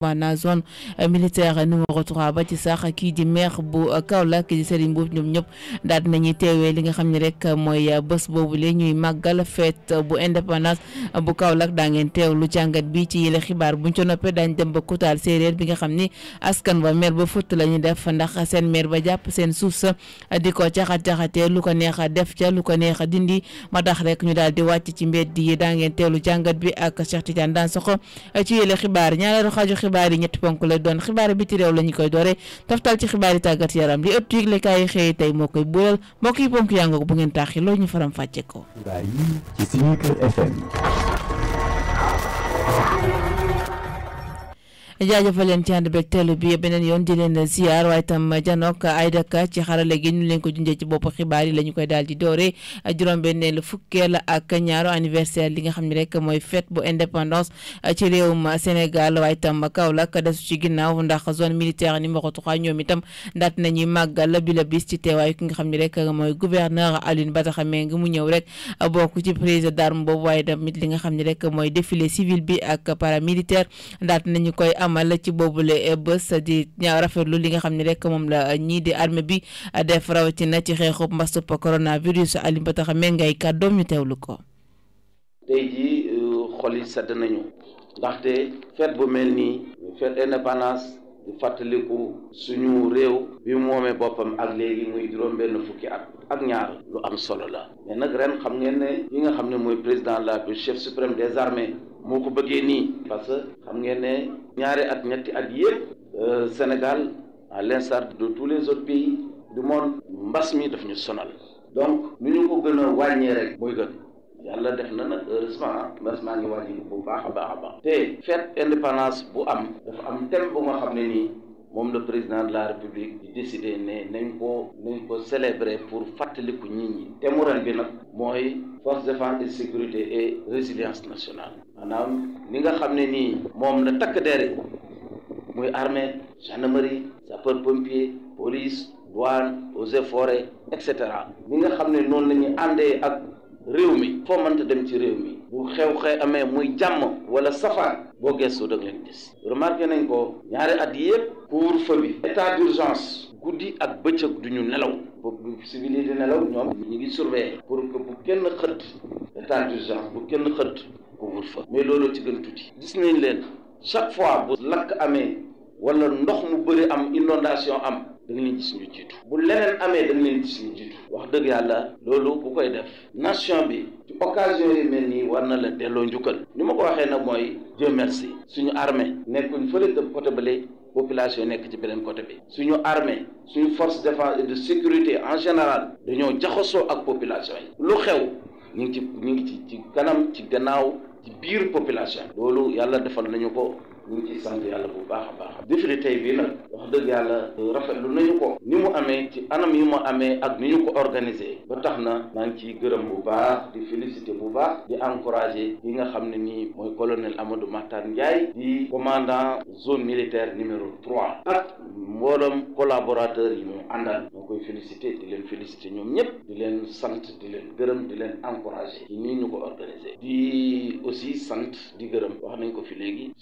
maanaam zone euh, militaire numéro 3 ba ci sax kii di maire bu euh, Kaolack di Serigne Mboup ñoom ñëpp daal nañuy teewee li nga xam ni rek mooy euh, bés boobu la ñuy màggal fête bu indépendance bu Kaolack daa ngeen teew lu jàngat bi ci yële xibaar buñ ca noppee daañ dem ba Koutal séeréer bi nga xam ni askan ba maire ba futt la ñu def ndax seen maire ba jàpp seen suuf sa di ko caxat caxatee lu ko neex a def ca lu ko neex a dindi ma tax rek ñu daal di wàcc ci mbedd yi daa ngeen teewlu jàngat bi ak Cheikh Tidiane Dansokho ci yële xibaar ñaareelu xaaju xibaar yi ñetti ponk lay doon xibaar biti réew la ñu koy dooree toftal ci xibaar yi tàggat yaram li ëpp yëglekaay yi xëy tey moo koy buural mbokk yi ponk yaa ko bu ngeen taaxee loo ñu faram fàcce jaajëfal leen ci ànd beeg teelu bi beneen yoon di leen ziar waaye itam janook ay daka ci xarale gi ñu leen ko junjee ci bopp xibaar yi la ñu koy daal di doore juróom-benneelu fukkeel ak ñaaru anniversaire li nga xam ne rek mooy fête bu indépendance euh, ci ma Sénégal waaye itam Kaolack desu ci ginnaaw ndax zone militaire numéro 3 ñoom itam ndaat nañuy màggal bi la bis ci teewaayu ki nga xam ne rek mooy gouverneur a Badara Mbengue mu ñëw rek bokk ci prise boobu waaye tamit li nga xam ne rek mooy défilé civil bi ak paramilitaire ndaat nañu koy ma amal ci boobule eh, bés di ña rafetlu li nga xam ni rek moom la eh, ñii di armée bi eh, def rawatina ci xeexub mbasub coronavirus Alioune Bataxa Mengaay kàddoom ñu teewlu ko. tey jii xol yi sedd nañu ndaxte fête bu mel nii fête indépendance. di fàttaliku suñu réew bi moomee boppam ak léegi muy juróom-benn fukki at ak ñaar lu am solo la mais nag ren xam ngeen ne yi nga xam ne mooy président de la chef suprême des armées moo ko bëggee nii parce que xam ngeen ne ñaari at ñetti at yëpp euh, Sénégal à l'instar de tous les autres pays du monde mbas mi daf ñu sonal donc nu ñu ko gën a wàññee rek mooy gën yàlla def na nag heureusement mbas maa ngi wàññi bu baax a baax a baax te fête indépendance bu am dafa am thème bu nga xam ne nii moom la président de la république di décider ne nañ ko nañ ko célébrer pour fàttaliku nit ñi thème mu ren bi nag mooy force défense et sécurité et résilience nationale maanaam ni nga xam ne nii moom la takk dere muy armée gendarmerie sapeur pompier police douane eaux et forêts et cetera ni nga xam ne noonu la ñuy àndee ak réew mi foo mënta dem ci réew mi bu xew xew amee muy jàmm wala safaan boo gëstu da nga leen gis remarqué nañ ko ñaari at yëpp couvre fa bi état d'urgence guddi ak bëccëg du ñu nelaw boobu civil di nelaw ñoom ñu ngi surveiller pour que bu kenn xët état d'urgence bu kenn xët couvre-feu mais loolu ci gën tuuti gis nañ leen chaque fois bu lakk amee wala ndox mu bëri am inondation am da ñu leen gis ñu jiitu bu leneen amee da nga leen gis ñu jiitu wax dëgg yàlla loolu ku koy def nation bi ci occasion yi mel nii war na la delloo njukkal ni ma ko waxee nag mooy Dieu merci suñu armee nekkuñ fële te côté bële population nekk ci beneen côté bi suñu armee suñu force défense et de sécurité en général dañoo jaxasoo ak population yi lu xew ñu ngi ci ñu ngi ci ci kanam ci gannaaw ci biir population loolu yàlla defal nañu ko ñu ci sant yàlla bu baax a baax défilé tey bii nag wax dëgg yàlla rafetlu nañu ko ni mu amee ci anam yi mu amee ak ni ñu ko organisé ba tax na maa ngi ciy gërëm bu baax di félicité bu baax di encouragé yi nga xam ne nii mooy colonel Amadou Mahtar Ndiaye di commandant zone militaire numéro trois ak mbooloom collaborateur yi mu àndal moo koy félicité di leen félicité ñoom ñëpp di leen sant di leen gërëm di leen encouragé ci nii ñu ko organisé di aussi sant di gërëm wax nañ ko fi léegi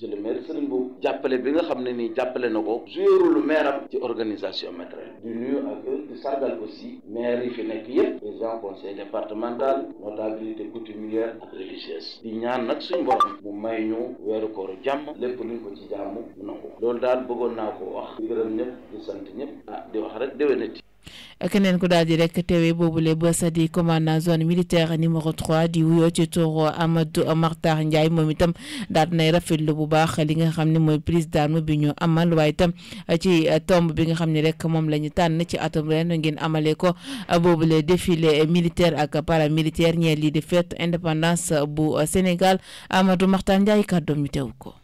sëriñ bu jàppale bi nga xam ne nii jàppale na ko joué lu maire am ci organisation matérielle di nuyu ak eux di sargal aussi maire yi fi nekk yëpp président conseil départemental notabilité coutumière ak religieuse di ñaan nag suñ borom mu may ñu weeru ko jàmm lépp luñ ko ci jàmm mu nangu loolu daal bëggoon naa ko wax di gërëm ñëpp di sant ñëpp ah di wax rek déwénati keneen ku daal di rek teewee boobule bés di commandant zone militaire numéro 3 di wuyoo ci turu Amadou Makhtar Ndiaye moom itam daal nay rafetlu bu baax li nga xam ne mooy prise d'arme bi ñu amal waaye itam ci tomb bi nga xam ni rek moom la ñu tànn ci atum ren ngeen amalee ko boobule défilé militaire ak paramilitaire ñeel lii de fête indépendance bu Sénégal Amadou Makhtar Ndiaye kàddoom ñu teew ko.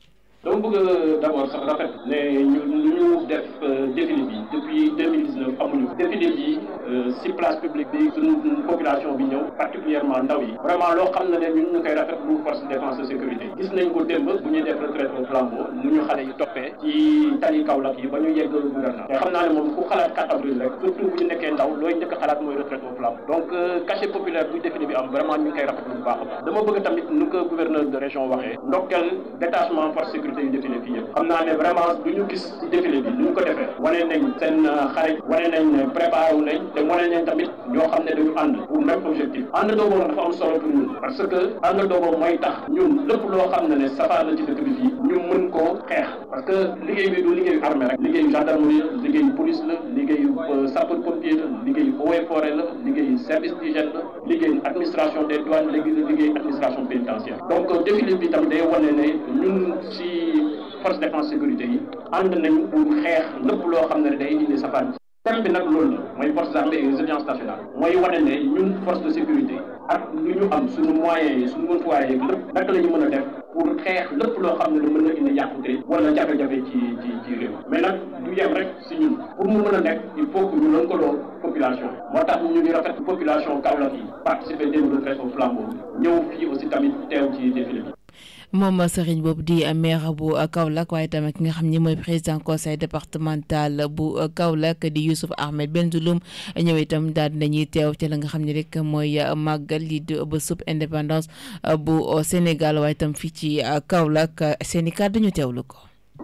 défilé bi euh, si place publique bi suñu population bi ñëw particulièrement ndaw yi vraiment loo xam ne ne ñun ñu koy rafet lu force défense et sécurité gis nañ ko démb bu ñuy def retraite au flambeau nu ñu xale yi toppee ci tali Kaolack yi ba ñu yeggalu gouverneur te xam naa ne moom ku xalaat 4 avril rek surtout bu ñu nekkee ndaw looy njëkk xalaat mooy retraite au flambeau donc euh, cachet populaire bu défilé bi am vraiment ñu koy rafet lu baax a baax dama ne préparé wu nañ te mënee nañ tamit ñoo xam ne dañu ànd pour même objectif ànd doogoo nag dafa am solo pour ñun parce que ànd doogoo mooy tax ñun lépp loo xam ne ne safaan la ci dëkk ñu mën koo xeex parce que liggéey bi du liggéeyu armée rek liggéeyu gendarmerie la liggéeyu police la liggéeyu euh, sapeur pompier la liggéeyu eaux et forêt la liggéeyu service d'hygiène la liggéeyu administration des douanes léegi liggéeyu administration pénitentiaire donc euh, défilé bi tamit day wane ne ñun ci force défense sécurité yi ànd nañu pour xeex lépp loo xam ne day indi safaan thème bi nag loolu la mooy forces armées et résilience nationale mooy wane ne ñun force de sécurité ak lu ñu am suñu moyens yi suñu matuwaay yi lépp la ñu mën a def pour xeex lépp loo xam ne lu mën na indi yàqute wala jafe-jafe ci ci réew mais nag du yem rek si ñun pour mu mën a nekk il faut que ñu lëkkaloo population moo tax ñu ngi rafet population la yi participer démb de fête au ñëw fii aussi tamit teew ci défilé moom sëriñ boobu di maire bu Kaolack waaye tamit ki nga xam ni mooy président conseil départemental bu Kaolack di Youssouf Ahmed Bengelloune ñëw itam daal ñuy teew ci la nga xam ni rek mooy màggal lii di bésub indépendance bu Sénégal waaye tam fii ci Kaolack seen i kàddu ñu teewlu ko.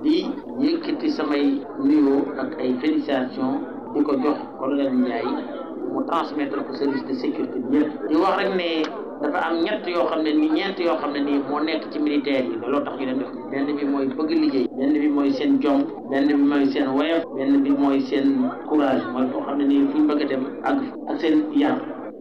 di yëkkati samay nuyoo ak ay félicitations di ko jox colonel Ndiaye. mu transmettre ko service de sécurité bi yëpp di wax rek ne dafa am ñett yoo xam ne ni ñeent yoo xam ne nii moo nekk ci militaire yi looloo tax ñu leen def benn bi mooy bëgg liggéey benn bi mooy seen jom benn bi mooy seen woyof benn bi mooy seen courage mooy foo xam ne nii fu ñu bëgg a dem ak seen yar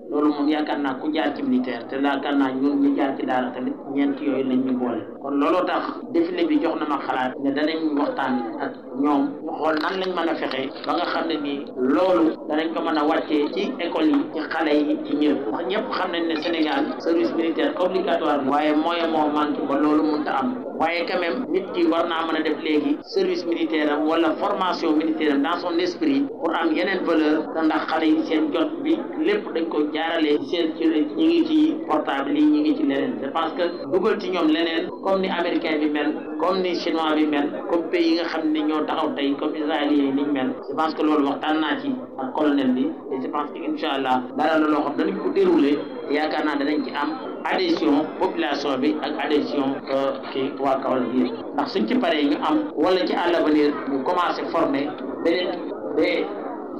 loolu moom yaakaar naa ku jaar ci militaire te yaakaar naa ñun ñu jaar ci daara tamit ñeent yooyu lañ ñu boole kon looloo tax défilé bi jox na ma xalaat ne danañ waxtaan ak ñoom xool nan lañ man a fexe ba nga xam ne nii loolu danañ ko mën a wàccee ci école yi ci xale yi ci ñëpp ndax ñëpp xam nañ ne Sénégal service militaire obligatoire waaye mooy moo man manqué ba loolu mënta am waaye quand même nit ki war naa mën a def léegi service militaire am wala formation militaire am dans son esprit pour am yeneen valeur te xale yi seen bi lépp dañ koy jaarale seen ci ñu ngi ci portable yi ñu ngi ci leneen je pense que dugal ci ñoom leneen comme ni américain bi mel comme ni chinois bi mel comme pays yi nga xam ni ñoo taxaw tey comme israélien yi niñ mel je pense que loolu waxtaan naa ci ak colonel bi et je pense que incha allah dara la loo xam danañ ko dérouler yaakaar naa danañ ci am adhésion population bi ak adhésion euh, kii waa Kaolack yi ndax suñ ci paree ñu am wala ci à l'avenir commencé former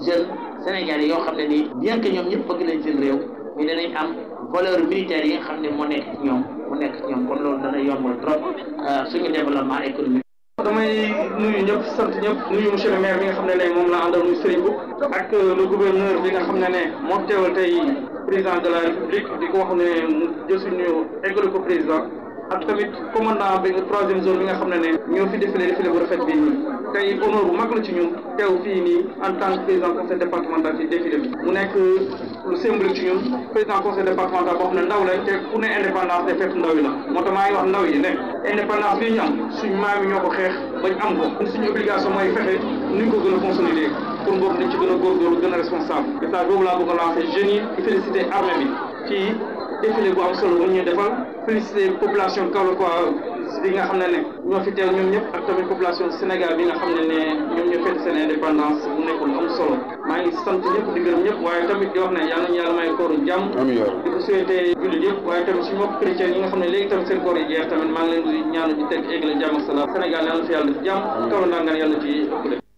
jeunes sénégalais yoo xam ne nii bien que ñoom ñëpp bëgg nañ seen réew mais danañ am valeur militaire yi xam ne moo nekk ñoom mu nekk ci ñoom kon loolu dana yombal trop euh, suñu développement économique. damay nuyu ñëpp sant ñëpp nuyu monsieur le maire mi nga xam ne ne moom la àndal muy Serigne Mboup ak euh, le gouverneur bi nga xam ne ne moo teewal tey président de la république di ko wax ne mu jël suñu eggale ak tamit commandant bi troisième zone bi nga xam ne ne ñoo fi défilé bu rafet bii nii tey honneur bu mag la ci ñun teew fii nii en tant président conseil départemental ci défilé bi mu nekk lu symbolique ci ñun président conseil départemental boo xam ne ndaw lañ te ku ne indépendance day fekk ndaw yi moo tax maa wax ndaw yi indépendance bi ñu am suñ maam yi ñoo ko xeex bañ am ko suñu obligation mooy fexe nuñ ko gën a consolider pour boobu nañ ci gën a góorgóorlu féliciter population Kaolackois bi nga xam ne ne ñoo fi teew ñoom ñëpp ak tamit population Sénégal bi nga xam ne ne ñoom ñoo fête seen indépendance bu nekkul am solo maa ngi sant ñëpp di gërëm ñëpp waaye tamit di wax ne yàlla may kooru jàmm di ko souhaité jullit yëpp waaye tamit suñu mbokk chrétien yi nga xam ne léegi tamit seen koor yi jeex tamit maa ngi leen di ñaanu di teg égle jàmm ak salaam Sénégal yàlla na fi yàlla def jàmm Kaolack ndangaan yàlla ci ëpp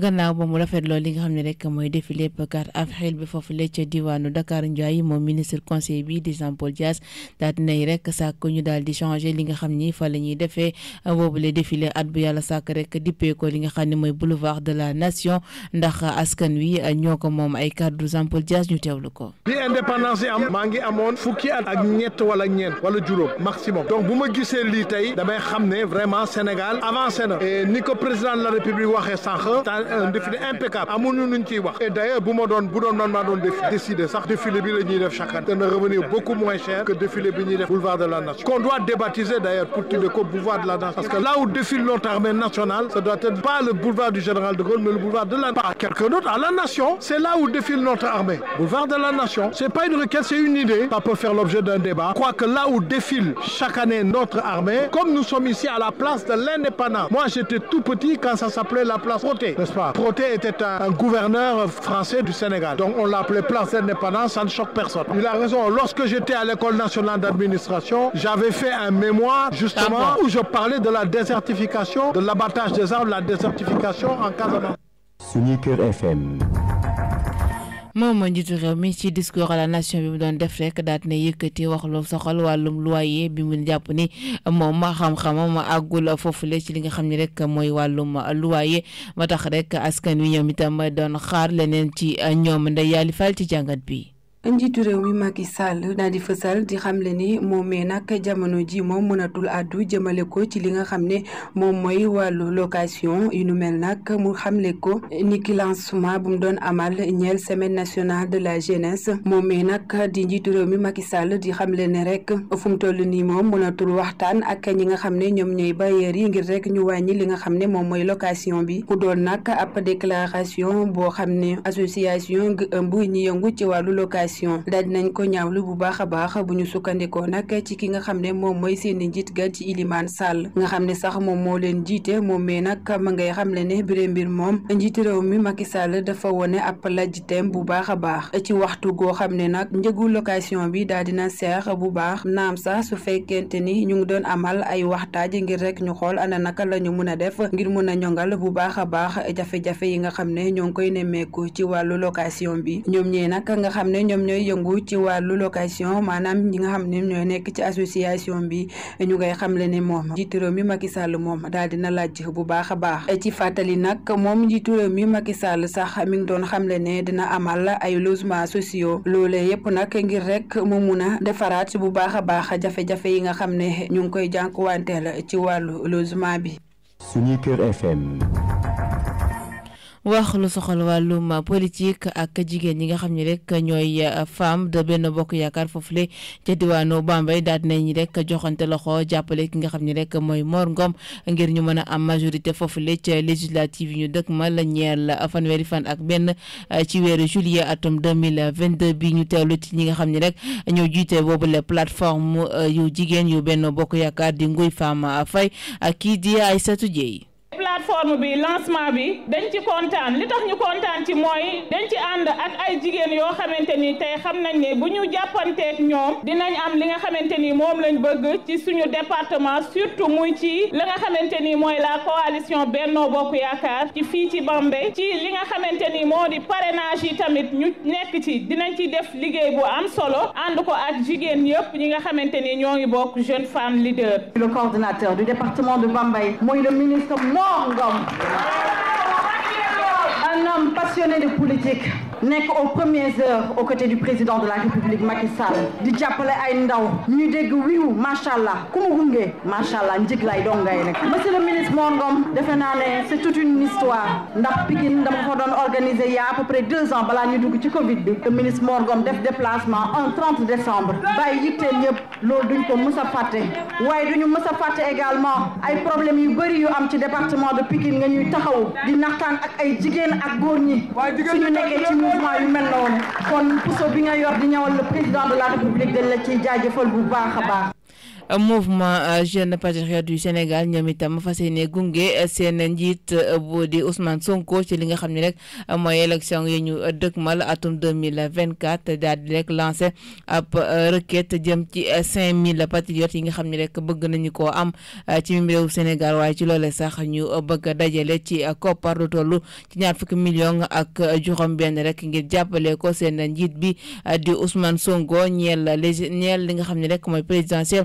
gannaaw ba mu rafetloo li nga xam ne rek mooy défilé 4 avril bi foofu la ca diwaanu Dakar Ndiaye moom ministre conseil bi di Jean Paul Dias daal rek sàkk ñu daal di changé li nga xam ni fa la ñuy defee boobu le défilé at bu yàlla sàkk rek dippee ko li nga xam ne mooy boulevard de la nation ndax askan wi ñoo ko moom ay kàddu Jean Paul Dias ñu teewlu ko. bi indépendance yi a maa ngi a fukki at ak ñett wala ñeent wala juróom maximum donc bu daal un défilé boulevard de la nation qu'on doit boulevard de la nation parce que là où défile notre armée nationale ça doit être pas le boulevard de Gaulle mais le boulevard de la par quelqu'un d'autre à la nation c'est là où défile notre armée boulevard de la nation c'est pas une requête c'est une idée ça peut faire l'objet d'un débat comme nous sommes ici à la place de l'indépendance moi j'étais tout petit quand ça s'appelait la place n'est-ce pas était un, gouverneur français du Sénégal. Donc on l'appelait place indépendance, ça ne choque personne. Il a raison. Lorsque j'étais à l'école nationale d'administration, j'avais fait un mémoire justement où je parlais de la désertification, de l'abattage des arbres, de la désertification en Casamance. Sunyker FM. moom njiitu réew mi ci discours à nation bi mu doon def rek daat na yëkkati wax lu soxal wàllum loyer bi mu jàpp ni moom ma xamam àggul foofule ci li nga xam ne rek mooy wàllum loyer ma tax rek askan wi ñoom itam doon xaar leneen ci ñoom nday yali fal ci jàngat bi njiitu réew mi Macky Sall daal di fësal di xamle ni moomee nag jamono ji moom mënatul àddu jëmale ko ci li nga xam ne moom mooy wàllu location yu nu mel nag mu xamle ko ni ki lancement bu mu doon amal ñeel semaine nationale de la jeunesse moomee nag di njiitu réew mi Macky Sall di xamle ne rek fu mu toll nii moom mënatul waxtaan ak ñi nga xam ne ñoom ñooy bailleurs yi ngir rek ñu wàññi li nga xam ne moom mooy location bi ku doon nag ab déclaration boo xam ne association gi ëmb ñi yëngu ci wàllu location situation daal dinañ ko ñaawlu bu baax a baax bu ñu sukkandikoo nag ci ki nga xam ne moom mooy seen njiit ga ci Ilimaan Sall nga xam ne sax moom moo leen jiite moom mee nag ma ngay xamle ne bire mbir moom njiiti réew mi Macky Sall dafa wone ab lajjiteem bu baax a baax ci waxtu goo xam ne nag njëgu location bi daal dina seex bu baax naam sax su fekkente ni ñu ngi doon amal ay waxtaaj ngir rek ñu xool ana naka la ñu mun a def ngir mun a ñongal bu baax a baax jafe-jafe yi nga xam ne ñoo ngi koy ci wàllu location ñoom ñee nag nga xam ne ñoom ñooy yëngu ci wàllu location maanaam ñi nga xam ne ñooy nekk ci association bi ñu ngay xamle ne moom njiitu réew mi Macky Sall moom daal dina laaj bu baax a baax ci fàttali nag moom njiitu réew mi Macky Sall sax mi ngi doon xamle ne dina amal ay losement sociaux loole yëpp nag ngir rek mu mun a defaraat bu baax a baax jafe-jafe yi nga xam ne ñu ngi koy jànkuwanteel ci wàllu logement bi. Sunuker FM. wax lu soxal wàllum politique ak jigéen ñi nga xam ne rek ñooy euh, femme de benn bokk yaakaar foofule ca diwaanu bambay daal nañ rek joxante loxo jàppale ki nga xam ne rek mooy Mor Ngom ngir ñu mën a am majorité foofule ca législative yi ñu dëkk ma la ñeel fanweeri fan ak benn euh, ci weeru juillet atum 2022 bi ñu teewlu ci ñi nga xam ne rek ñoo jiite boobu la plateforme euh, yu jigéen yu benn bokk yaakaar di nguy femme fay ak kii di Aïssatou Dieye plateforme bi lancement bi dañ ci kontaan li tax ñu kontaan ci mooy dañ ci ànd ak ay jigéen yoo xamante ni tey xam nañ ne bu ñu jàppanteeg ñoom dinañ am li nga xamante ni moom lañ bëgg ci suñu departement surtout muy ci li nga xamante ni mooy la coalition Benno Bokk ci fii ci Bambey ci li nga xamante ni moo di parrainage yi tamit ñu nekk ci dinañ ci def liggéey bu am solo ànd ko ak jigéen yëpp ñi nga xamante ni ñoo ngi bokk jeune femme leader. Le coordinateur du département de Bambey mooy le ministre Mor Ngom, un homme passionné de politique. nekk aux premières heures aux côtés du président de la république Macky Sall di jàppale ay ndaw ñuy dégg wiiw macha allah ku mu gunge macha allah njëg lay doon ngay rek. monsieur le ministre Mor Ngom defe naa ne c' est toute une histoire ndax Pikine dama ko doon organiser il y a à peu près deux ans balaa ñu dugg ci Covid bi le ministre Mor def déplacement en décembre bàyyi yitteel ñëpp loolu duñ ko mës a fàtte waaye duñu mës a fàtte également ay problèmes yu bëri yu am ci département de Pikine nga ñuy taxaw di naxtaan ak ay jigéen ak góor ñi mouvement yu mel noonu kon puso bi nga yor di ñëwal le président de la république dañ la ciy jaajëfal bu baax a baax. Euh, mouvement euh, jeune patriote du Sénégal ñoom itam ma fa yéene gunge euh, seen njiit bu di Ousmane Sonko ci li nga xam ni rek mooy élection yi ñu mal atum deux mille vingt quatre daal di rek lancé ab requête jëm ci cinq mille patriotes yi nga xam ni rek bëgg nañu koo am ci mim réew Sénégal waaye ci loolee sax ñu bëgg dajale ci koppar lu toll ci ñaar fukki million ak juróom-benn rek ngir jàppale ko seen njiit bi di Ousmane Sonko ñeel ñeel li nga xam ni rek mooy présidentiel.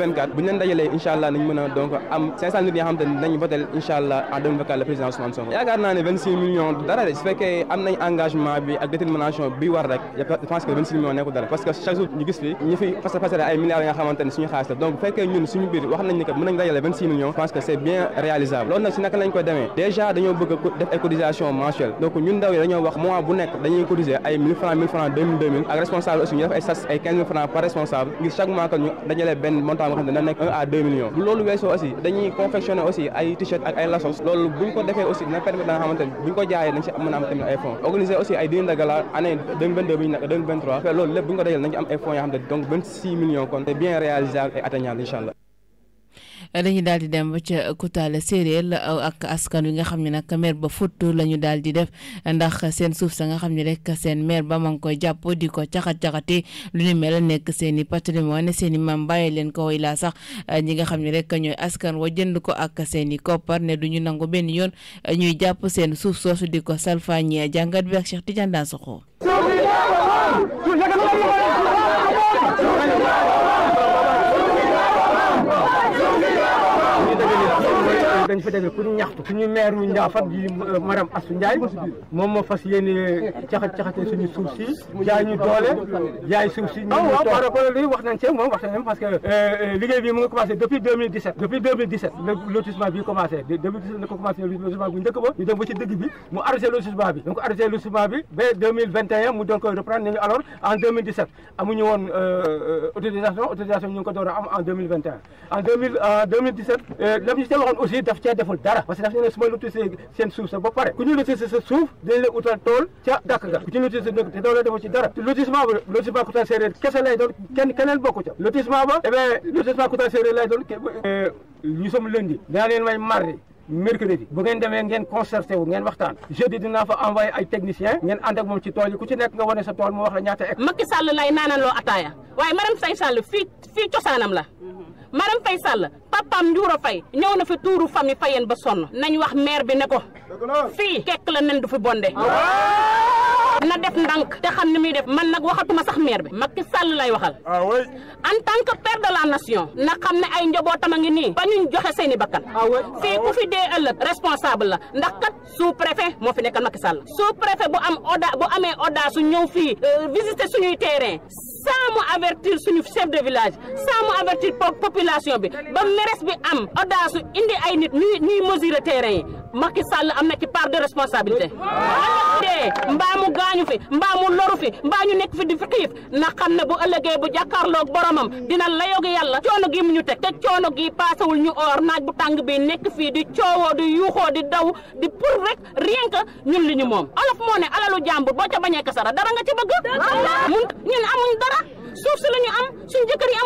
2024 bu ñu leen dajalee incha allah nañ mën a donc nit yi te ne dinañ voté incha en 2024 le président Ousmane fekkee am nañ engagement bi ak détermination bi war rek je que 26 millions nekkul parce que chaque jour ñu fi ñu fi fas fasere ay milliards yi nga suñu xaalis donc fekkee ñun suñu biir wax nañ ne que dajale 26 millions que c' bien réalisable loolu nag si naka lañ koy demee déjà dañoo bëgg def ay cotisation mensuelle nga xam ne na nekk 1 à bu loolu weesoo aussi dañuy confectionner aussi ay t-shirt ay lasos loolu buñ ko defee aussi dina permettre da nga xamante buñ ko jaayee nañ si mën a am tamit ay fonds organiser aussi ay dîner de gala année 2022 bi ñu nekk 2023 loolu lépp buñ ko dajale nañ am ay fonds yoo xam ne donc 26 millions kon c'est bien réalisable et atteignable incha allah dañuy daal di dem ba ca Kutaale séeréer uh, ak askan wi nga xam ne nag maire ba futt la ñu daal di def ndax seen suuf sa nga xam ni rek seen maire ba ma ngi koy jàpp di ko caxat-caxati lu ni mel nekk seen i patrimoine seen i maam bàyyi leen ko way laa sax uh, ñi nga xam ne rek ñooy askan wa jënd ko ak seen i koppar ne du ñu nangu benn yoon uh, ñuy jàpp seen suuf soosu di ko salfaañi jàngat bi ak Cheikh Tidiane Dansokho lañ ku ñaxtu suñu maire wu Ndiaffate di madame Assou moom moo fas yéene caxat caxatee suñu suuf si jaay ñu doole jaay suuf si ñu ah, waaw par moom wax nañ parce que euh, liggéey bi mu ngi commencé depuis depuis 2017 la lotissement bi commencé 2017 la ko commencé lotissement bu njëkk ba ñu dem ba ci dëgg bi mu arrêté lotissement bi donc arrêté lotissement bi ba 2021 mu doon koy reprendre nañu alors en 2017 amuñu woon euh, euh, autorisation autorisation ñu ko door am en 2021 en 2017 lam cee deful dara parce que daf ne ne su ma suuf sa ba pare ku ñu lotissé sa suuf dinañ la utal tool ca dàkk ku ñu lotissé nag te doo deful ci dara lotissement ba ba eh bien lotissement Koutal lay doon eh, ñu ataaya waaye Marème Faye Sall fii cosaanam la Marème Faye Sall papaam Njuura Fay ñëw na fi tuuru famille Fayeen ba sonn nañ wax maire bi ne ko fii kekk la nen du fi bonde ah na def ndànk te xam ni muy def man nag waxatuma sax maire bi Macky sàll lay waxal an ah tant que père de la nation na xam ne ay njabootam a ngi nii ba ñu joxe seeni bakkan ah fii ku fi dee ëllëg responsable la ndax kat sous préfet moo fi nekkal Macky Sall sous préfet bu am oda bu ñëw fii euh, visiter suñuy terrain sans mu avertir suñu chef de village sans mu avertir population bi ba meres bi am audace indi ay nit ñuy ñuy mesurer terrain yi Macky Sall am na ci part de responsabilité dee mbaa mu gaañu fi mbaa mu loru fi mbaa ñu nekk fi di fi xiif na xam ne bu ëllëgee bu jàkkaarloog boromam dina layoogi yàlla coono gi mu ñu teg te coono gi paasawul ñu or naaj bu tàng bi nekk fii di coowoo di yuuxoo di daw di pour rek rien ñun li ñu moom olof moo ne alalu jàmbur boo ca bañee kasara dara suuf si la ñu am suñ jëkkër yi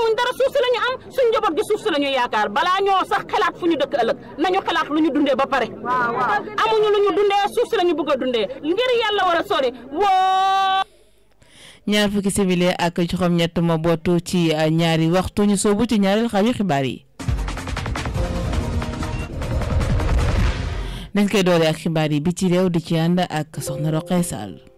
am suñ njaboot gi suuf si la yaakaar balaa ñoo sax xalaat fu ñu dëkk ëllëg nañu xalaat lu ñu dundee ba pare amuñu lu ñu dundee suuf si la ñu bëgg a dundee ngir yàlla war a sori woo ñaar fukki simili ak juróom ñett ma bootu ci uh, ñaari waxtuñu ñu soobu ci ñaareel xaaju xibaar yi dañ koy doole ak xibaar yi bi ci réew di ci ànd ak soxna Roqay Sall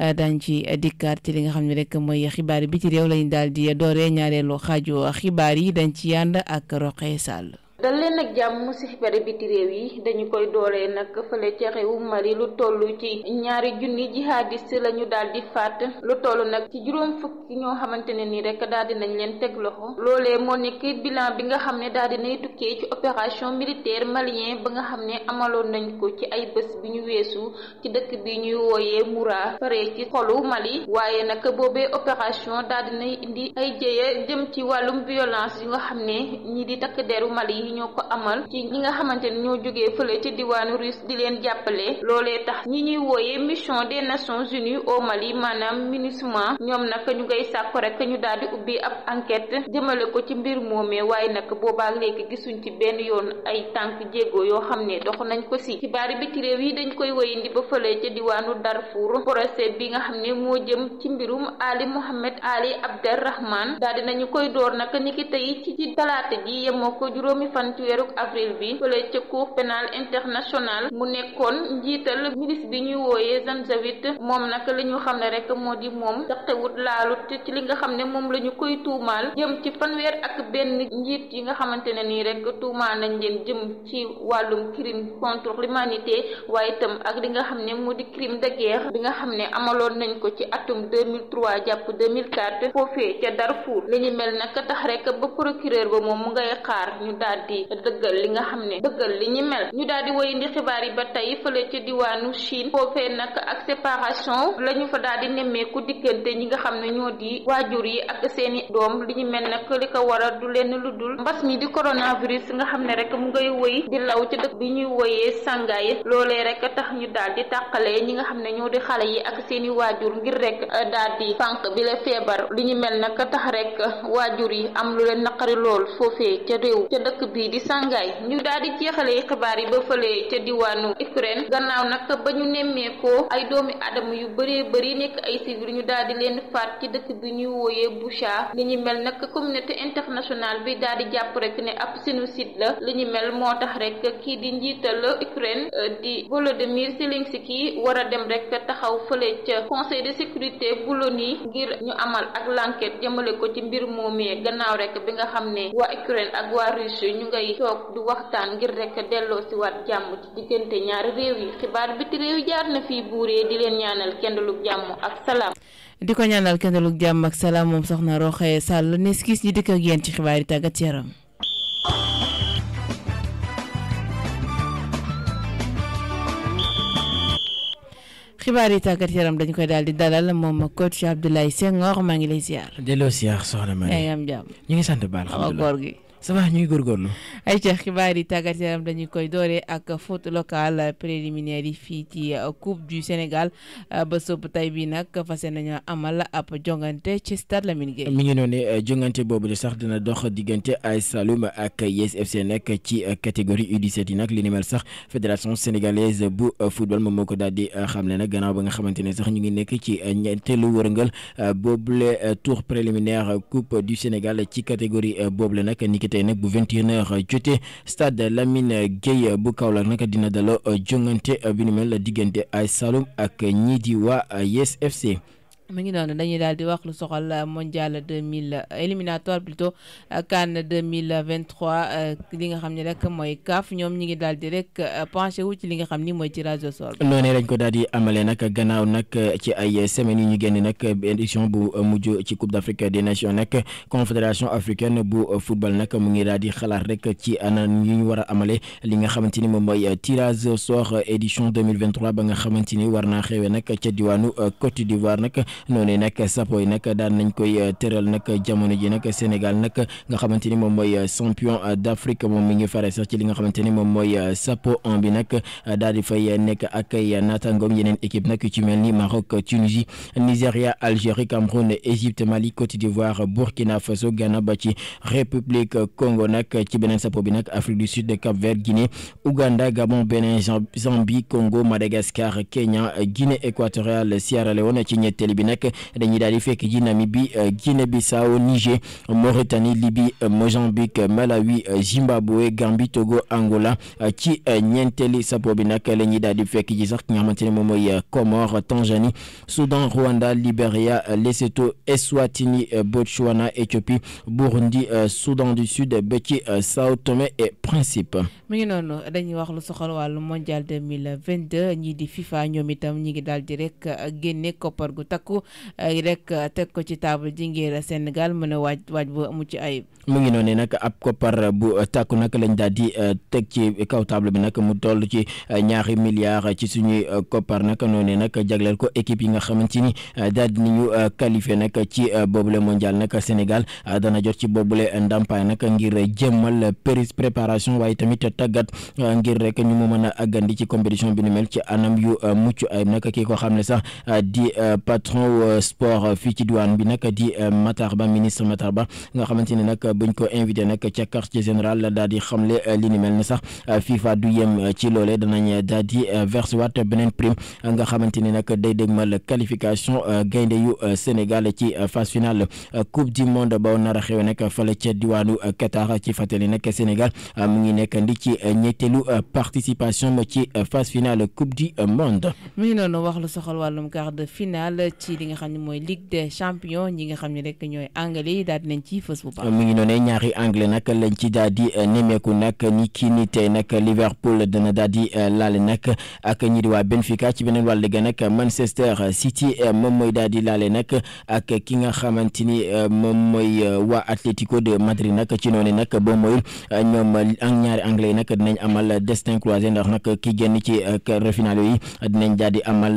Euh, daañ ci dikkaat ci li nga xam ne rek mooy xibaar bi ci réew lañu daal di dooree ñaareelu xaaju xibaar yi dañ ci yànd ak Roqe Sall. dal leen nag jàmm si xibari biti réew yi dañu koy dooree nag fële ca réewu Mali lu tollu ci ñaari junni jihadiste la ñu daal di faat lu toll nag ci juróom fukki ñoo xamante ne nii rek daal di nañ leen teg loxo loolee moo nekk bilan bi nga xam ne daal di nay tukkee ci opération militaire malien ba nga xam ne amaloon nañu ko ci ay bés bi ñu weesu ci dëkk bi ñuy wooyee muraa faree ci xolu Mali waaye nag boobe opération daal di nay indi ay jéeya jëm ci wàllum violence yu nga xam ne ñi di takk deru Mali yi ñoo ko amal ci ñi nga xamante ne ñoo jógee fële ci diwaanu russe di leen jàppale loolee tax ñi ñuy wooyee mission des nations unies au Mali maanaam MINUSMA ñoom nag ñu ngay sàkku rek ñu daal di ubbi ab enquête jëmale ko ci mbir moomee waaye nag boobaa léegi gisuñ ci benn yoon ay tànk jéego yoo xam ne dox nañ ko si xibaar bi ci réew yi dañ koy woyandi ba fële ca diwaanu Darfour procès bi nga xam ne moo jëm ci mbirum Ali Mohamed Ali Abderrahman daal di fan ci weeruk avril bi fële ca cour pénal international mu nekkoon njiital ministre bi ñuy wooyee Zanzavit moom nag li ñu xam ne rek moo di moom taxtewut te ci li nga xam ne moom lañu koy tuumaal jëm ci fanweer ak benn njiit yi nga xamante ne nii rek tuumaal nañ leen jëm ci wàllum crime contre l'humanité waaye itam ak di nga xam ne moo di crime de guerre bi nga xam ne amaloon nañ ko ci atum 2003 jàpp 2004 foofee ca Darfour li ñu mel nag tax rek ba procureur ba moom mu ngay xaar ñu daal kat yi dëggal li nga xam ne dëggal li ñi mel ñu daal di wëyandi xibaar yi ba tey fële ca diwaanu Chine foofee nag ak séparation la ñu fa daal di nemmeeku diggante ñi nga xam ne ñoo di waajur yi ak seeni doom li ñu mel nag li ko waral du leen lu dul mbas mi di coronavirus nga xam ne rek mu ngay wëy di law ca dëkk bi ñuy woyee sàngaay loolee rek tax ñu daal di tàqalee ñi nga xam ne ñoo di xale yi ak seeni waajur ngir rek eh, daal di fànq bi la feebar li ñu mel nag tax rek yi bii di Shanghai ñu daal di jeexalee xibaar yi ba fële ca diwaanu Ukraine gannaaw nag ba ñu nemmeekoo ay doomi adama yu bëree bëri nekk ay civil ñu daal di leen faat ci dëkk bi ñuy wooyee Bucha li ñu mel nag communauté internationale bi daal di jàpp rek ne ab génocide la li ñu mel moo tax rek kii di njiital Ukraine euh, di Volodymyr Zelensky war dem rek taxaw fële ca conseil de sécurité bu l'ONU ngir ñu amal ak l'enquête jëmale ko ci mbir moomee gannaaw rek bi nga koy toog du waxtaan ngir rek delloo si waat jàmm ci diggante ñaari réew yi xibaar biti réew jaar na fii buuree di leen ñaanal kendalu jàmm ak salaam. di ko ñaanal kendalug jàmm ak salaam moom soxna Roxaya Sall nes gis ñi dikk ak yéen ci xibaar yi tàggat yaram. xibaar yi tàggat yaram dañ koy daal di dalal moom coach Abdoulaye Senghor maa ngi lay ziar. delloo ziar soxna Marie. yaa ngi am jàmm ñu ngi sant baal. alhamdulilah koor gi. ça va ñuy góorgóorlu. ay ca xibaar yi tàggat yaram dañuy koy dooree ak foot local préliminaire yi fii ci coupe du Sénégal euh, ba sëb tay bii nag fas nañu amal ab jongante ci stade Lamine Gueye. mi ngi noonu euh, jongante boobu de sax dina dox diggante AS Saloum ak Yes FC nekk ci euh, catégorie U17 yi nag li ni mel sax fédération sénégalaise bu football moom moo ko daal di ne nag gannaaw ba nga xamante ne sax ñu ngi nekk ci ñeenteelu wërngal boobule tour préliminaire coupe du Sénégal ci catégorie boobule nag niki tey nag bu 21h jotee stade Lamine Gueye bu Kaolack nag dina daloo jongante bi nu mel diggante ay Saloum ak ñii di waa YES FC mu ngi noonu dañuy daal di wax lu soxal mondial deux mille éliminatoire plutôt CAN deux mille vingt trois euh, li nga xam ni rek mooy CAF ñoom ñi ngi daal di rek euh, penché wu ci li nga xam ni mooy tirage au sort. noonee lañ ko daal di amalee nag gannaaw nag euh, ci ay semaines yu ñu génn nag édition bu mujj ci coupe d' afrique des nations nag confédération africaine bu football nag mu ngi daal di xalaat rek ci anam yu ñu war a amalee li nga xamante ni moom mooy tirage au sort édition deux mille vingt trois ba nga xamante ni war naa xewee nag ca diwaanu Côte d'Ivoire nag. noonu nag sapo yi nag daan nañ koy eh, tëral nag jamono ji nag Sénégal nag nga xamante ni moom mooy eh, champion eh, d'Afrique moom mi ngi fare sax ci li nga xamante ni moom mooy sapo en bi nag daal di fay nekk ak ay naataangoom yeneen équipe nag ci mel ni Maroc Tunisie Nigéria Algérie Cameroun Égypte Mali Côte d'Ivoire Burkina Faso Ghana ba ci République Congo ci beneen sapo bi nag Afrique du Sud Cap-Vert Guinée Ouganda Gabon Bénin Zambie Congo Madagascar Kenya Guinée équatoriale nag dañuy daal di fekk ji Namibie euh, Guinée Bissau Niger Mauritanie Libye euh, Mozambique Malawi euh, Zimbabwe Gambie Togo Angola ci ñeenteeli sapo bi nag la ñuy daal di fekk ji sax ki nga xamante ne moom mooy Comore Tanzanie Soudan Rwanda Libéria Lesotho Eswatini Botswana Éthiopie Burundi Soudan du Sud ba ci Sao Tomé et Principe. mi ngi noonu dañuy wax lu soxal wàllu mondial 2022 ñii di FIFA ñoom itam ñi ngi daal di génne koppar gu takku. rek uh, teg ko ci table ji ngir Sénégal mën a waaj waaj bu mucc mu ngi noonu nag ab koppar bu uh, tàkku nag lañ daal di uh, teg ci kaw table bi nag mu toll ci ñaari milliards ci suñuy koppar nag noonu nag jagleel ko équipe yi nga xamante ni daal di ñu qualifié nag ci boobule mondial nag Sénégal dana jot ci boobule ndàmpaay nag ngir jëmmal péris préparation waaye tamit tàggat ngir rek mën a àggandi ci compétition bi nu mel ci anam mucc ayib nag ki xam ne sax di patron. ginnaaw euh, sport euh, fii ci diwaan bi nag di euh, Matar Ba ministre Matar Ba nga xamante ne nag buñ ko invité nag ca quartier général daal di xamle li ni mel ne sax FIFA du yem ci loolee danañ daal di verse waat beneen prime nga xamante ne nag day dégmal qualification gaynde yu Sénégal ci phase finale coupe du monde ba nar a xew nag fële ca diwaanu Qatar ci fàttali nag Sénégal mu ngi nekk ndi ci ñetteelu participation ci phase finale coupe du monde. mi ngi li xam ne mooy Ligue des champions ñi nga xam ne rek ñooy anglais yi daal di nañ ci fës bu baax. mu ngi noonee ñaari anglais nag lañ ci daal di eh, nemmeeku nag ni kii nii tey nag Liverpool dana daal di eh, laale nag ak ñi waa Benfica ci beneen wàll ga Manchester City eh, moom mooy daal di laale nag ak ki nga xamante ni moom mooy waa Atlético de Madrid nag ci noonu nag boo mooy ñoom ak ñaari anglais yi nag dinañ amal destin croisé ndax nag ki génn ci refinale yi dinañ daal amal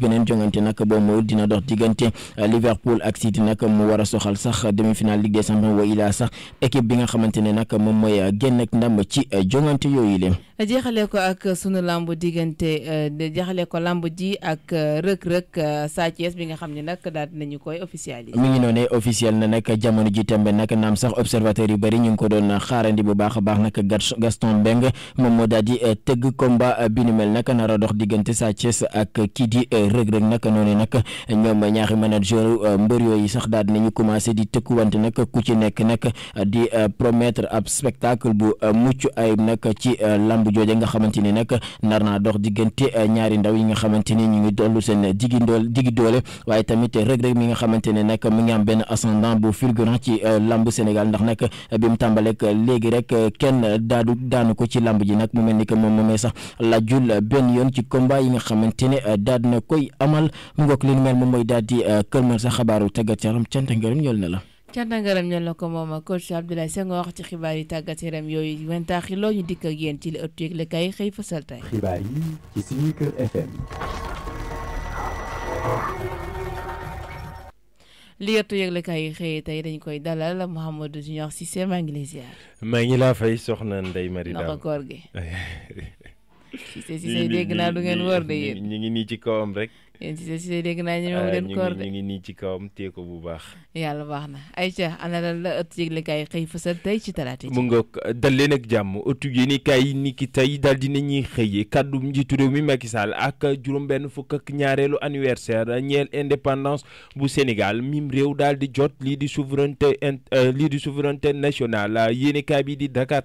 beneen jongante nag boo mooy dina dox diggante euh, Liverpool ak City nag mu war a soxal sax demi-finale Ligue des Champions wa sax équipe bi nga xamante ne nag moom mooy euh, génn ak ndam ci euh, jongante yooyu leen jeexale ko ak sunu lamb diggante euh, jeexale ko lamb ji ak euh, rëg-rëg euh, Sa Thiès bi nga xam ni nag daal nañu koy officialiser. mu ngi noonee officiel na nag jamono ji tembe nag naam sax observateur yu bëri ñu ngi ko doon xaarandi bu baax a baax nag Gaston Mbengue moom moo daal di tëgg combat bi ni mel nag nar dox diggante Sa Thiès ak kii di rëg-rëg naka noonu nag ñoom ñaari manager mbër yooyu sax daal dinañu commencé di tëkkuwante nag ku ci nekk nag di promettre ab spectacle bu mucc ayib nag ci lamb làmb jooje nga xamante ni nag nar naa dox diggante eh, ñaari ndaw yi nga xamante ni ñu ngi dollu seen digi dool digi doole waaye tamit rek rek mi nga xamante ne nag mi ngi am benn ascendant bu fulgurant ci eh, làmb Sénégal ndax nag eh, bi mu tàmbaleek léegi rek kenn daadu daanu ko ci lamb ji nag mu mel ni que moom moomee sax lajul benn yoon ci combat yi nga xamante ne daad na koy amal mu ngoog li mel moom mooy daal di kër man sa xabaaru tëggat yaram cant ngërëm ñëw na la canta ngaram ñel la ko moom coach Abdoulaye wax ci xibaar yi tàggate yaram yooyu wentaax yi loo ñu dikk ak yéen ci li ëttu yëgle kay xëy tey xibaar yi ci tey dañ koy dalal Mouhamadou Junior Cissé si ngi lay ziar maa ngi laa fay soxna Ndeye Marie Dame koor gi Cissé Cissé dégg naa du ngeen wër de yéen ñu ngi nii ci kawam rek yéen si euh, ñu ngi nii ci kawam téye ko bu baax. yàlla baax na ay ana lan la ëtt yëglekaay xëy fësal tey ci talaata ji. mu ngoog dal leen ak jàmm ëttu yéenekaay yi nikki tey daal dina ñuy xëyee kàddu njiitu réew mi Macky ak juróom fukk ak ñaareelu anniversaire indépendance bu Sénégal mim réew daal di jot lii di souveraineté euh, lii di souveraineté nationale yéenekaay bi di Dakar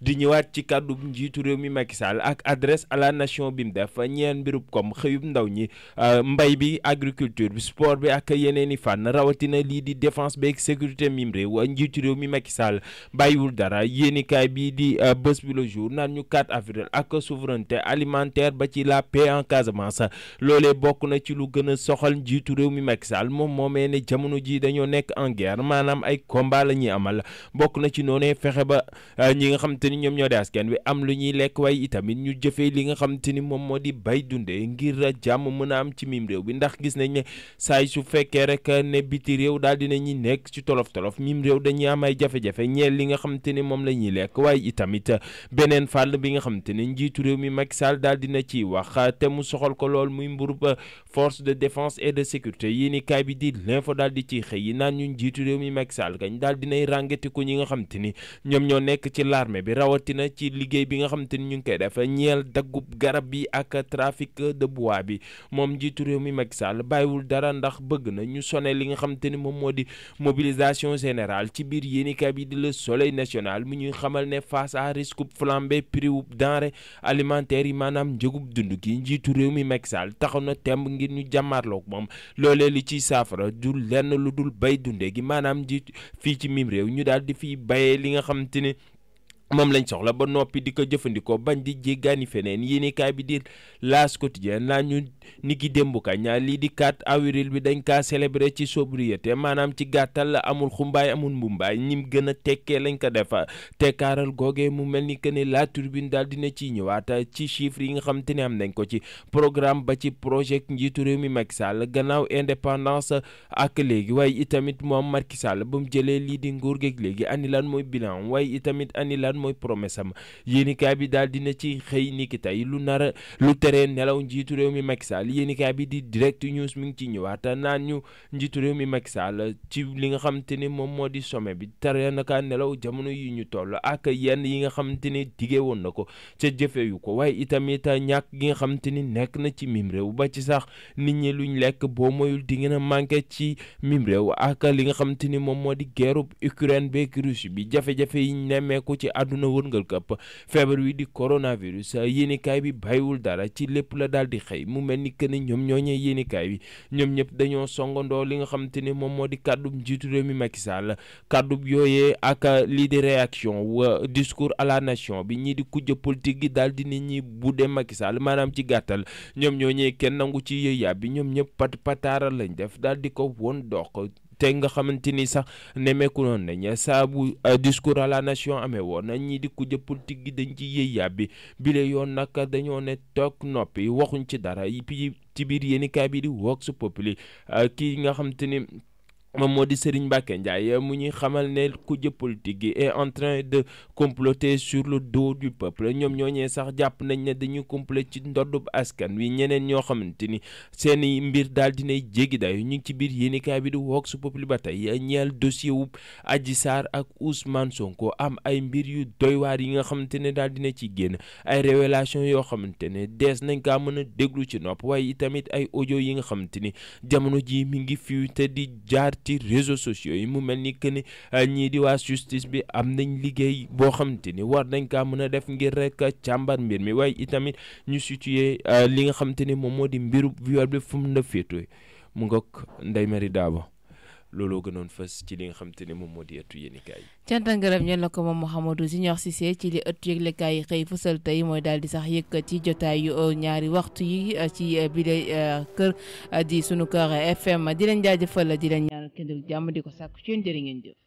di ñëwaat ci kàddu njiitu réew mi Macky Sall ak adresse à la nation bi mu def ñeel mbirub xëyub ndaw ñi. Euh, mbay bi agriculture bi sport bi ak yeneen i fànn rawatina lii di défense beeg sécurité mim waa njiitu réew mi Macky Sall bàyyiwul dara yéenikaay bii di euh, bés bi le jour naan ñu 4 avril ak souveraineté alimentaire ba ci la paix en sax loole bokk na ci lu gën a soxal njiitu réew mi Macky Sall moom moomee ne jamono ji dañoo nekk en guerre maanaam ay combat la ñuy amal bokk na ci noonee fexe ba euh, ñi nga xam te ni ñoom ñoo di askan bi am lu ñuy lekk waaye itamit ñu jëfee li nga xam ni moom moo di bay dundee ngir am ci mim réew bi ndax gis nañ ne saay su fekkee rek ne biti réew daal dina ñuy nekk ci tolof-tolof mim réew dañuy am ay jafe-jafe ñeel li nga xamante ni moom la ñuy lekk waaye itamit beneen fàll bi nga xamante ni njiitu réew mi Macky Sall daal dina ciy wax te mu soxal ko lool muy mburub force de défense et de sécurité yii bi di l'info daal di ciy xëy yi naan ñun njiitu réew mi Macky Sall kañ daal dinay ràngatiku ñi nga xamante ni ñoom ñoo nekk ci l'armée bi rawatina ci liggéey bi nga xamante ni ñu ngi koy def ñeel daggub garab bi ak trafic de bois bi moom njiitu réew mi Macky Sall bàyyiwul dara ndax bëgg na ñu sone li nga xamante ni moom moo di mobilisation général ci biir yéenikaay bi di le soleil national mu ñuy xamal ne face à risque flambée prix wu denrée alimentaire yi maanaam njëgub dund gi njiitu réew mi Macky Sall taxaw na temb ngir ñu jàmmarloog moom loolee li ciy saafara du lenn lu dul bay dunde gi maanaam ji fii ci mim réew ñu daal di fiy bayee li nga xamante moom lañ soxla ba noppi di ko jëfandikoo bañ di jéggaani feneen yéenekaay bi di laas quotidien naa ñu niki démbuka ñaar ah, lii di 4 avril bi dañ kaa célébrer ci sobriété maanaam ci gàttal la amul xumbaay amul mbumbaay ñim gën a tekkee lañ ko defa tekkaaral googee mu mel ni que ne la turbine daal dina ci ñëwaat ci chiffre yi nga xam te ne am nañ ko ci programme ba ci projet njiitu réew mi Macky Sall gannaaw indépendance ak léegi waaye itamit moom Macky Sall ba mu jëlee lii di nguur geeg léegi ani lan mooy lan mooy promesse am yéenikaay bi daal dina ci xëy niki tey lu nara lu tere nelaw njiitu réew mi Macky Sall yéenikaay bi di direct news mi ngi ci ñëwaat naan ñu njiitu réew mi mag Sall ci li nga xamante ni moom moo di sommet bi tere naka nelaw jamono yi ñu toll ak yenn yi nga xamante ni digee woon na ko ca jëfe yu ko waaye itamit ñàkk gi nga xamante ni nekk na ci mim ba ci sax nit ñi luñ lekk boo moyul di ngeen a manqué ci mim réew ak li nga xamante moom moo di àdduna wërngal këpp feebar wi di coronavirus yéenekaay bi bàyyiwul dara ci lépp la daal di xëy mu mel ni que ne ñoom ñooñee yéenekaay bi ñoom ñëpp dañoo songandoo li nga xamante ni moom moo di kàddub njiitu réew mi Macky Sall kàddub yooyee ak euh, lii di réaction wa euh, discours à la nation bi ñii di kujje politique gi daal di nit ñi bu dee Macky Sall maanaam ci gàttal ñoom ñooñee kenn nangu ci yëy bi ñoom ñëpp pat pataaral lañ def daal di ko woon dox te nga xamante ni sax nemmeeku noon nañ saabu euh, discours à la nation amee woon nañ ñi di ko jëpp politique gi dañ ci yëy yàbbi bile yoon nag dañoo ne toog noppi waxuñ ci dara ci biir yéenikaay bi di Vox Populi euh, kii nga xamante ni moom moo di Serigne Mbacké Ndiaye mu ñuy xamal ne kujje politique gi est en train de comploter sur le dos du peuple ñoom ñooñee sax jàpp nañ ne dañu comploter ci ndoddub askan wi ñeneen ñoo xamante ni seeni mbir daal dinay jéggi dayu ñu ngi ci biir yéenekaay bi di Vox Populi ba tey ñeel dossier wu Adji Sarr ak Ousmane Sonko am ay mbir yu doy yi nga xamante ne daal dina ci génn ay révélation yoo xamante ne dees nañ kaa mën a déglu ci nopp waaye itamit ay audio yi nga xamante ni jamono ji mi ngi fi te di jaar ci réseaux sociaux yi mu mel ni que ni euh, ñii di waa justice bi am nañ liggéey boo xamante ni war nañ kaa mën a def ngir rek càmbar mbir mi waaye itamit ñu situé euh, li nga xamante ni moom moo di mbiru viol bi fu mu la féetoo mu ngoog Ndeye Marie looloo gënoon fës ci li nga xam te ne moom moo di ëttu yéenekaay yi. cant ak ngërëm ñeen la ko moom Mouhamadou Junior Cissé ci li ëttu yëglekaay yi xëy fësal tey mooy daal di sax yëkkat ci jotaayu euh, ñaari waxtu yi euh, ci euh, bile kër di sunu kër FM di leen jaajëfal di leen ñaanal kenn di ko sàkku ci yéen jërë ngeen